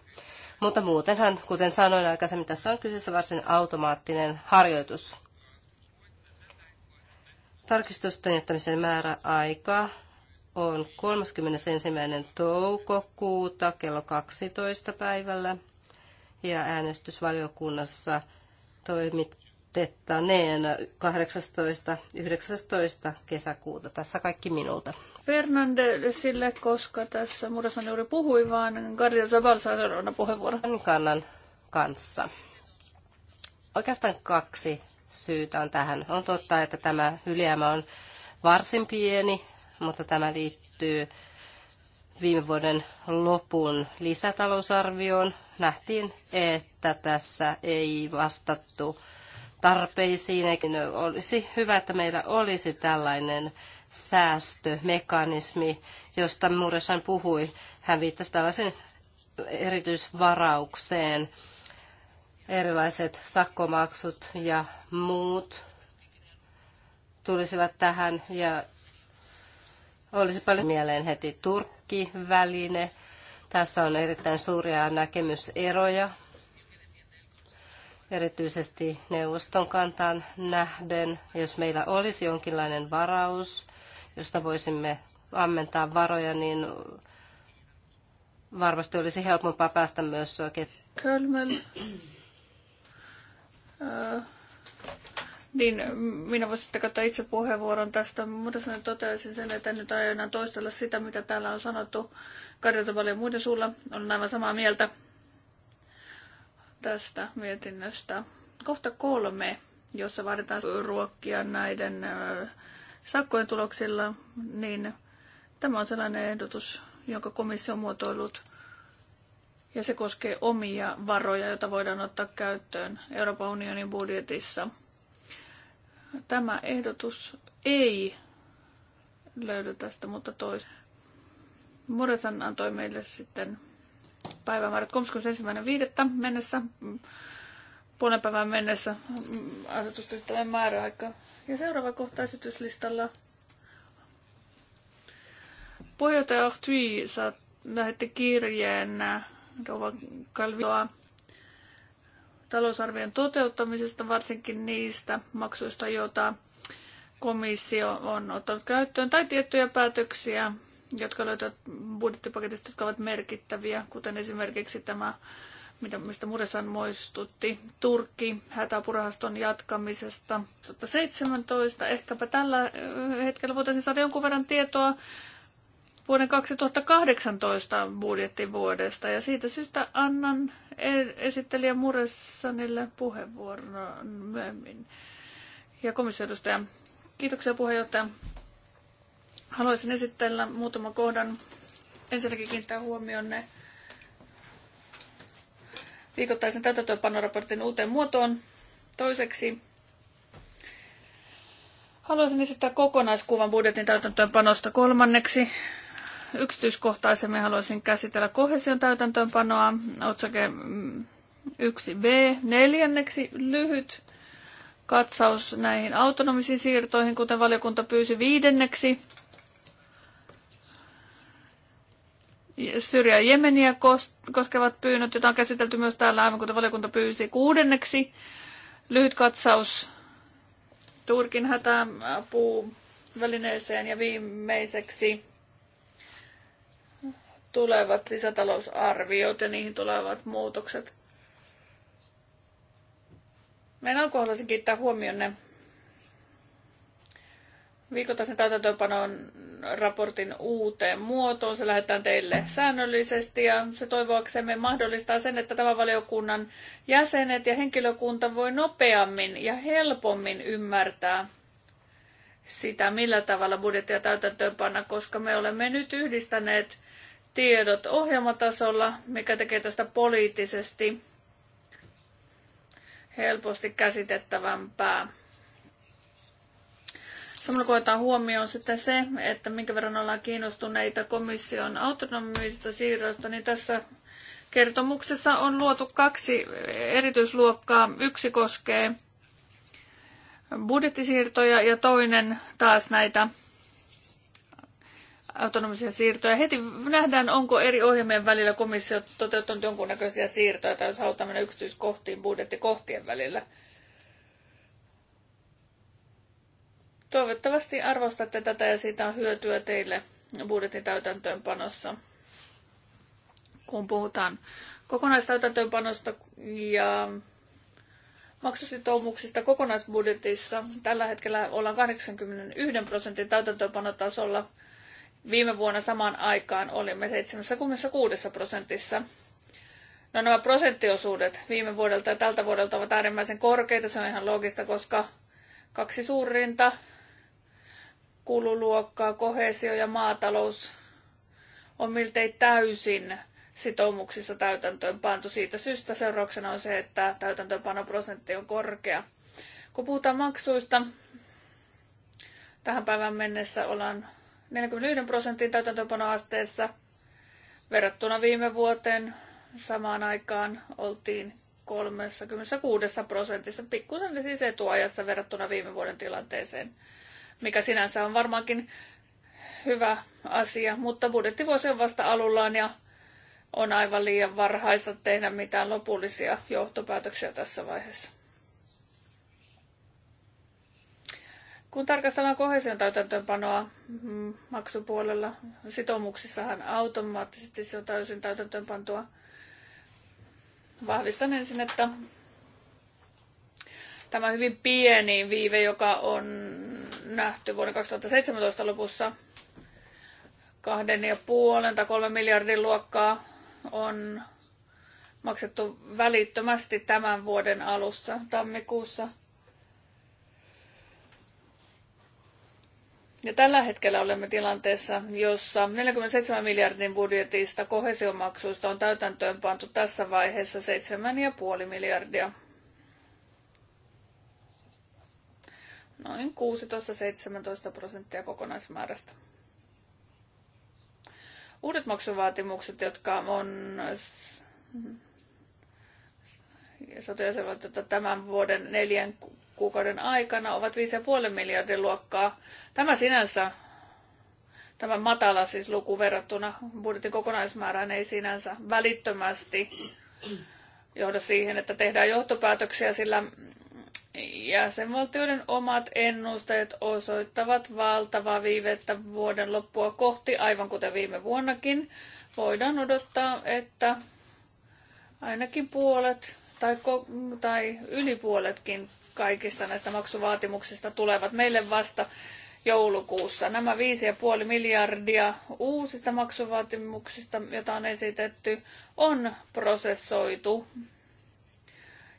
Mutta muutenhan, kuten sanoin aikaisemmin, tässä on kyseessä varsin automaattinen harjoitus. Tarkistusten jättämisen määrä aikaa on 31. toukokuuta kello 12 päivällä ja äänestysvaliokunnassa toimitettaneen 18.19. kesäkuuta. Tässä kaikki minulta. Fernande sille, koska tässä Murasan juuri puhui, vaan Garja Zabal saa seuraavana puheenvuoron. Kannan kanssa. Oikeastaan kaksi syytä on tähän. On totta, että tämä ylijäämä on varsin pieni mutta tämä liittyy viime vuoden lopun lisätalousarvioon. Nähtiin, että tässä ei vastattu tarpeisiin, eikä olisi hyvä, että meillä olisi tällainen säästömekanismi, josta Muresan puhui. Hän viittasi tällaisen erityisvaraukseen, erilaiset sakkomaksut ja muut tulisivat tähän ja olisi paljon mieleen heti Turkki-väline. Tässä on erittäin suuria näkemyseroja, erityisesti neuvoston kantaan nähden. Jos meillä olisi jonkinlainen varaus, josta voisimme ammentaa varoja, niin varmasti olisi helpompaa päästä myös Kölmel niin minä voisin sitten katsoa itse puheenvuoron tästä. mutta Muuten toteaisin sen, että en nyt aio enää toistella sitä, mitä täällä on sanottu Karjatapalle paljon muiden suulla. on aivan samaa mieltä tästä mietinnöstä. Kohta kolme, jossa vaaditaan ruokkia näiden sakkojen tuloksilla, niin tämä on sellainen ehdotus, jonka komissio on muotoillut – ja se koskee omia varoja, joita voidaan ottaa käyttöön Euroopan unionin budjetissa – Tämä ehdotus ei löydy tästä, mutta tois. Moresan antoi meille sitten päivämäärät 31.5. mennessä, puolen päivän mennessä mm, asetusten määräaika. Ja seuraava kohta esityslistalla puheenjohtaja Ahtui lähetti kirjeen äh, Rova Kalvioa talousarvion toteuttamisesta, varsinkin niistä maksuista, joita komissio on ottanut käyttöön, tai tiettyjä päätöksiä, jotka löytyvät budjettipaketista, jotka ovat merkittäviä, kuten esimerkiksi tämä, mistä Muresan muistutti, Turkki hätäapurahaston jatkamisesta 2017. Ehkäpä tällä hetkellä voitaisiin saada jonkun verran tietoa vuoden 2018 budjettivuodesta ja siitä syystä annan e- esittelijä Muressanille puheenvuoron myöhemmin. Ja komissioedustaja, kiitoksia puheenjohtaja. Haluaisin esitellä muutaman kohdan. Ensinnäkin kiinnittää huomionne viikoittaisen täytäntöönpanoraportin uuteen muotoon. Toiseksi haluaisin esittää kokonaiskuvan budjetin täytäntöönpanosta. Kolmanneksi yksityiskohtaisemmin haluaisin käsitellä kohesion täytäntöönpanoa, otsake 1b, neljänneksi lyhyt katsaus näihin autonomisiin siirtoihin, kuten valiokunta pyysi viidenneksi. Syrjä ja Jemeniä koskevat pyynnöt, joita on käsitelty myös täällä, aivan kuten valiokunta pyysi kuudenneksi. Lyhyt katsaus Turkin hätäapuun välineeseen ja viimeiseksi tulevat lisätalousarviot ja niihin tulevat muutokset. Meidän alkuun haluaisin kiittää huomionne viikotaisen täytäntöönpanon raportin uuteen muotoon. Se lähetetään teille säännöllisesti ja se toivoaksemme mahdollistaa sen, että tämän valiokunnan jäsenet ja henkilökunta voi nopeammin ja helpommin ymmärtää sitä, millä tavalla budjettia täytäntöönpanna, koska me olemme nyt yhdistäneet tiedot ohjelmatasolla, mikä tekee tästä poliittisesti helposti käsitettävämpää. Samalla koetaan huomioon sitten se, että minkä verran ollaan kiinnostuneita komission autonomisista siirroista, niin tässä kertomuksessa on luotu kaksi erityisluokkaa. Yksi koskee budjettisiirtoja ja toinen taas näitä autonomisia siirtoja. Heti nähdään, onko eri ohjelmien välillä komissio toteuttanut jonkunnäköisiä siirtoja, tai jos halutaan mennä yksityiskohtiin budjettikohtien välillä. Toivottavasti arvostatte tätä ja siitä on hyötyä teille budjetin täytäntöönpanossa, kun puhutaan kokonaistäytäntöönpanosta ja maksusitoumuksista kokonaisbudjetissa. Tällä hetkellä ollaan 81 prosentin täytäntöönpanotasolla. tasolla Viime vuonna samaan aikaan olimme 76 prosentissa. No nämä prosenttiosuudet viime vuodelta ja tältä vuodelta ovat äärimmäisen korkeita. Se on ihan loogista, koska kaksi suurinta kululuokkaa, kohesio ja maatalous, on miltei täysin sitoumuksissa täytäntöön pantu. Siitä syystä seurauksena on se, että täytäntöönpanoprosentti on korkea. Kun puhutaan maksuista, tähän päivään mennessä ollaan 41 prosentin täytäntöpanoasteessa verrattuna viime vuoteen samaan aikaan oltiin 36 prosentissa, pikkusen siis etuajassa verrattuna viime vuoden tilanteeseen, mikä sinänsä on varmaankin hyvä asia, mutta budjettivuosi on vasta alullaan ja on aivan liian varhaista tehdä mitään lopullisia johtopäätöksiä tässä vaiheessa. Kun tarkastellaan kohesion täytäntöönpanoa mm, maksupuolella, sitoumuksissahan automaattisesti se on täysin täytäntöönpantua. Vahvistan ensin, että tämä hyvin pieni viive, joka on nähty vuoden 2017 lopussa, kahden ja puolen tai kolmen miljardin luokkaa on maksettu välittömästi tämän vuoden alussa tammikuussa – Ja tällä hetkellä olemme tilanteessa, jossa 47 miljardin budjetista kohesiomaksuista on täytäntöön pantu tässä vaiheessa 7,5 miljardia. Noin 16-17 prosenttia kokonaismäärästä. Uudet maksuvaatimukset, jotka on sotilasvaltiota tämän vuoden neljän kuukauden aikana ovat 5,5 miljardin luokkaa. Tämä sinänsä, tämä matala siis luku verrattuna budjetin kokonaismäärään ei sinänsä välittömästi johda siihen, että tehdään johtopäätöksiä, sillä jäsenvaltioiden omat ennusteet osoittavat valtavaa viivettä vuoden loppua kohti, aivan kuten viime vuonnakin. Voidaan odottaa, että ainakin puolet tai, tai yli puoletkin kaikista näistä maksuvaatimuksista tulevat meille vasta joulukuussa. Nämä 5,5 miljardia uusista maksuvaatimuksista, joita on esitetty, on prosessoitu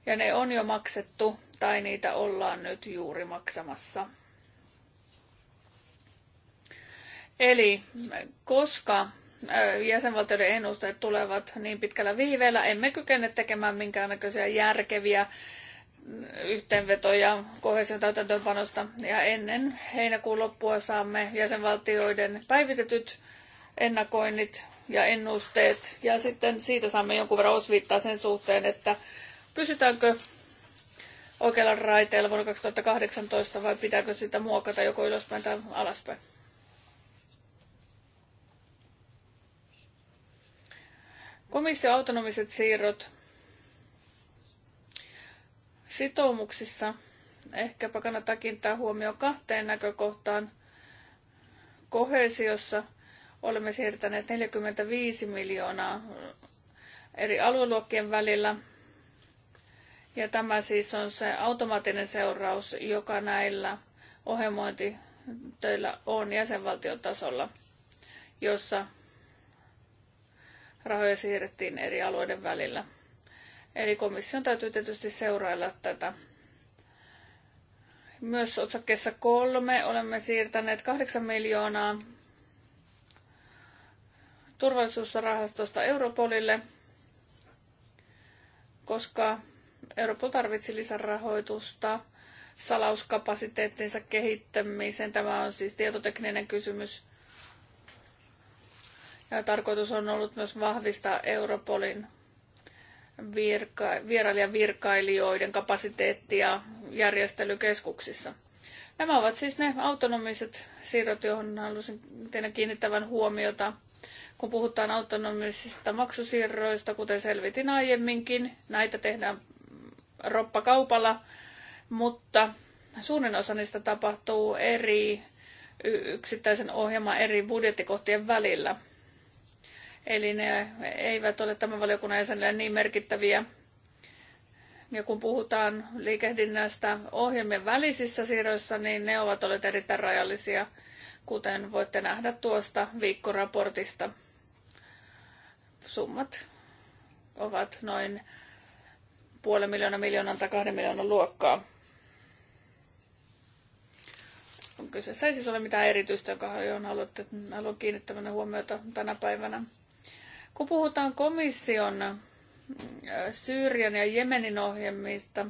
ja ne on jo maksettu tai niitä ollaan nyt juuri maksamassa. Eli koska jäsenvaltioiden ennusteet tulevat niin pitkällä viiveellä, emme kykene tekemään minkäännäköisiä järkeviä yhteenvetoja kohesion täytäntöönpanosta ja ennen heinäkuun loppua saamme jäsenvaltioiden päivitetyt ennakoinnit ja ennusteet ja sitten siitä saamme jonkun verran osviittaa sen suhteen, että pysytäänkö oikealla raiteella vuonna 2018 vai pitääkö sitä muokata joko ylöspäin tai alaspäin. Komission autonomiset siirrot Sitoumuksissa ehkäpä kannattaa kiinnittää huomio kahteen näkökohtaan. Kohesiossa olemme siirtäneet 45 miljoonaa eri alueluokkien välillä. Ja tämä siis on se automaattinen seuraus, joka näillä ohjelmointitöillä on jäsenvaltiotasolla, jossa rahoja siirrettiin eri alueiden välillä. Eli komission täytyy tietysti seurailla tätä. Myös otsakkeessa kolme olemme siirtäneet 8 miljoonaa turvallisuusrahastosta Europolille, koska Europol tarvitsi lisärahoitusta salauskapasiteettinsa kehittämiseen. Tämä on siis tietotekninen kysymys. Ja tarkoitus on ollut myös vahvistaa Europolin virka, virkailijoiden kapasiteettia järjestelykeskuksissa. Nämä ovat siis ne autonomiset siirrot, joihin halusin teidän kiinnittävän huomiota. Kun puhutaan autonomisista maksusiirroista, kuten selvitin aiemminkin, näitä tehdään roppakaupalla, mutta suurin osa niistä tapahtuu eri yksittäisen ohjelman eri budjettikohtien välillä. Eli ne eivät ole tämän valiokunnan jäsenille niin merkittäviä. Ja kun puhutaan liikehdinnästä ohjelmien välisissä siirroissa, niin ne ovat olleet erittäin rajallisia, kuten voitte nähdä tuosta viikkoraportista. Summat ovat noin puolen miljoona, miljoonan tai kahden miljoonan luokkaa. On kyseessä ei siis ole mitään erityistä, johon haluan kiinnittävänä huomiota tänä päivänä. Kun puhutaan komission äh, Syyrian ja Jemenin ohjelmista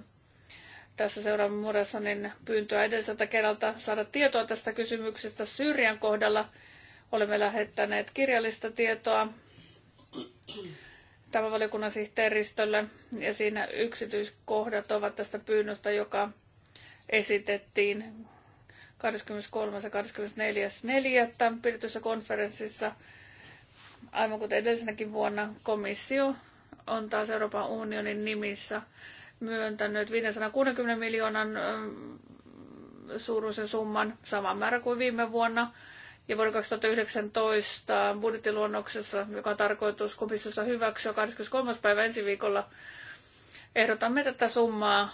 tässä seuraavan muodossa, niin pyyntöä edelliseltä kerralta saada tietoa tästä kysymyksestä Syyrian kohdalla. Olemme lähettäneet kirjallista tietoa tämän valiokunnan sihteeristölle ja siinä yksityiskohdat ovat tästä pyynnöstä, joka esitettiin 23. ja 24.4. pidetyssä konferenssissa Aivan kuten edellisenäkin vuonna komissio on taas Euroopan unionin nimissä myöntänyt 560 miljoonan suuruisen summan, saman määrä kuin viime vuonna. Ja vuoden 2019 budjettiluonnoksessa, joka on tarkoitus komissiossa hyväksyä 23. päivä ensi viikolla, ehdotamme tätä summaa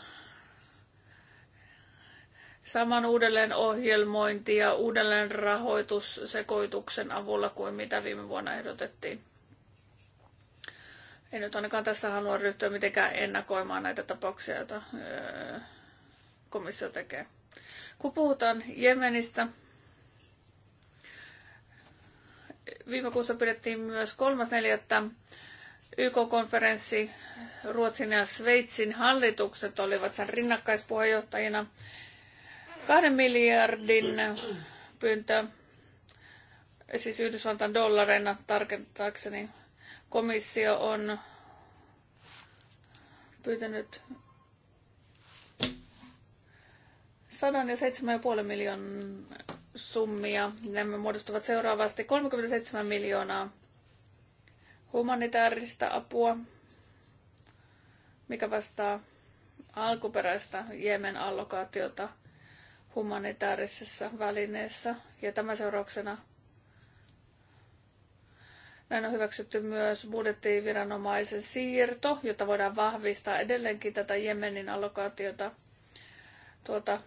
saman uudelleen ohjelmointi ja uudelleen rahoitussekoituksen avulla kuin mitä viime vuonna ehdotettiin. En nyt ainakaan tässä halua ryhtyä mitenkään ennakoimaan näitä tapauksia, joita komissio tekee. Kun puhutaan Jemenistä, viime kuussa pidettiin myös 3.4. YK-konferenssi. Ruotsin ja Sveitsin hallitukset olivat sen rinnakkaispuheenjohtajina. Kahden miljardin pyyntö, siis Yhdysvaltain dollareina tarkentaakseni, komissio on pyytänyt 107,5 miljoonan summia. Nämä muodostuvat seuraavasti 37 miljoonaa humanitaarista apua, mikä vastaa alkuperäistä Jemen allokaatiota – humanitaarisessa välineessä ja tämän seurauksena näin on hyväksytty myös budjettiviranomaisen siirto, jota voidaan vahvistaa edelleenkin tätä Jemenin allokaatiota tuota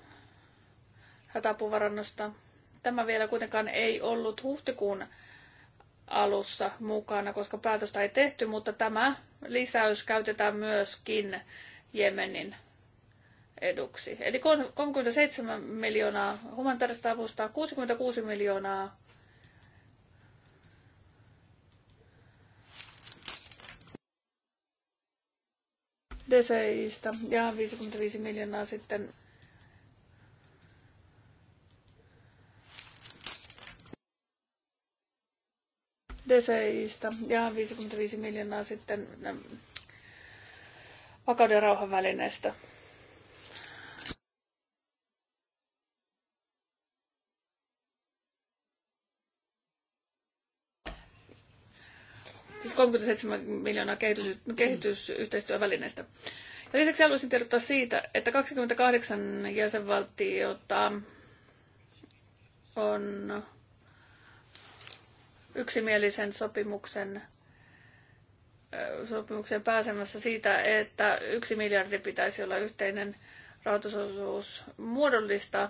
hätäapuvarannosta. Tämä vielä kuitenkaan ei ollut huhtikuun alussa mukana, koska päätöstä ei tehty, mutta tämä lisäys käytetään myöskin Jemenin eduksi. Eli 37 miljoonaa humanitaarista avusta, 66 miljoonaa DCIstä ja 55 miljoonaa sitten DCIstä ja 55 miljoonaa sitten vakauden ja rauhan välineestä. 37 miljoonaa kehitys, kehitysyhteistyövälineestä. Ja lisäksi haluaisin tiedottaa siitä, että 28 jäsenvaltiota on yksimielisen sopimuksen sopimuksen pääsemässä siitä, että yksi miljardi pitäisi olla yhteinen rahoitusosuus muodollista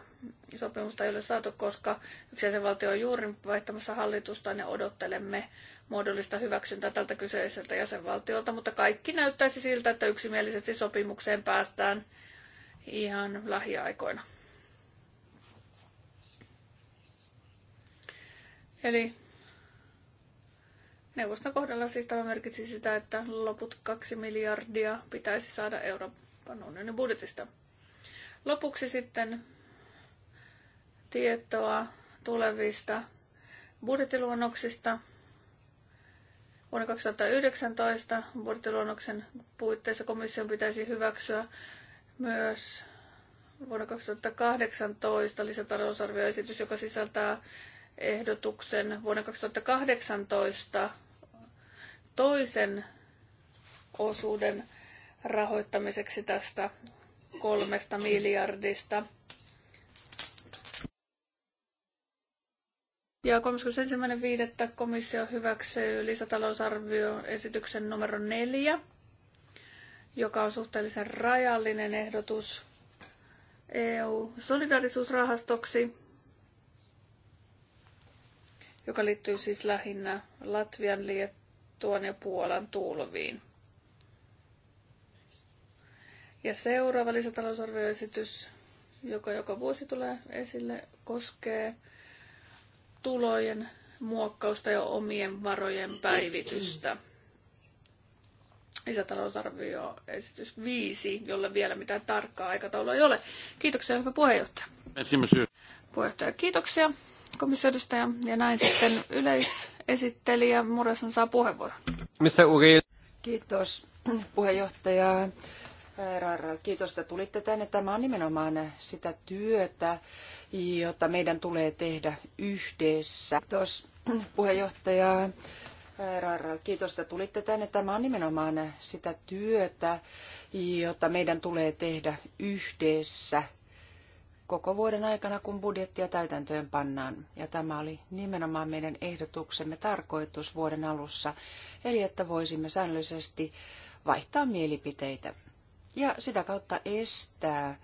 sopimusta ei ole saatu, koska yksi jäsenvaltio on juuri vaihtamassa hallitusta ja odottelemme muodollista hyväksyntää tältä kyseiseltä jäsenvaltiolta, mutta kaikki näyttäisi siltä, että yksimielisesti sopimukseen päästään ihan lähiaikoina. Eli neuvoston kohdalla siis tämä merkitsi sitä, että loput kaksi miljardia pitäisi saada Euroopan unionin budjetista. Lopuksi sitten tietoa tulevista budjettiluonnoksista Vuonna 2019 budjettiluonnoksen puitteissa komission pitäisi hyväksyä myös vuonna 2018 lisätalousarvioesitys, joka sisältää ehdotuksen vuonna 2018 toisen osuuden rahoittamiseksi tästä kolmesta miljardista Ja 31.5. komissio hyväksyy lisätalousarvioesityksen numero 4, joka on suhteellisen rajallinen ehdotus EU-solidarisuusrahastoksi, joka liittyy siis lähinnä Latvian, Liettuan ja Puolan tulviin. Ja seuraava lisätalousarvioesitys, joka joka vuosi tulee esille, koskee tulojen muokkausta ja omien varojen päivitystä. Lisätalousarvio esitys 5, jolle vielä mitään tarkkaa aikataulua ei ole. Kiitoksia, hyvä puheenjohtaja. Puheenjohtaja, kiitoksia Komissio-edustaja Ja näin sitten yleisesittelijä Muresan saa puheenvuoron. Mr. Uri. Kiitos puheenjohtaja kiitos, että tulitte tänne. Tämä on nimenomaan sitä työtä, jota meidän tulee tehdä yhdessä. Kiitos puheenjohtaja kiitos, että tulitte tänne. Tämä on nimenomaan sitä työtä, jota meidän tulee tehdä yhdessä koko vuoden aikana, kun budjettia täytäntöön pannaan. Ja tämä oli nimenomaan meidän ehdotuksemme tarkoitus vuoden alussa, eli että voisimme säännöllisesti vaihtaa mielipiteitä ja sitä kautta estää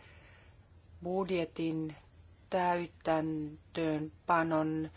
budjetin täytäntöönpanon panon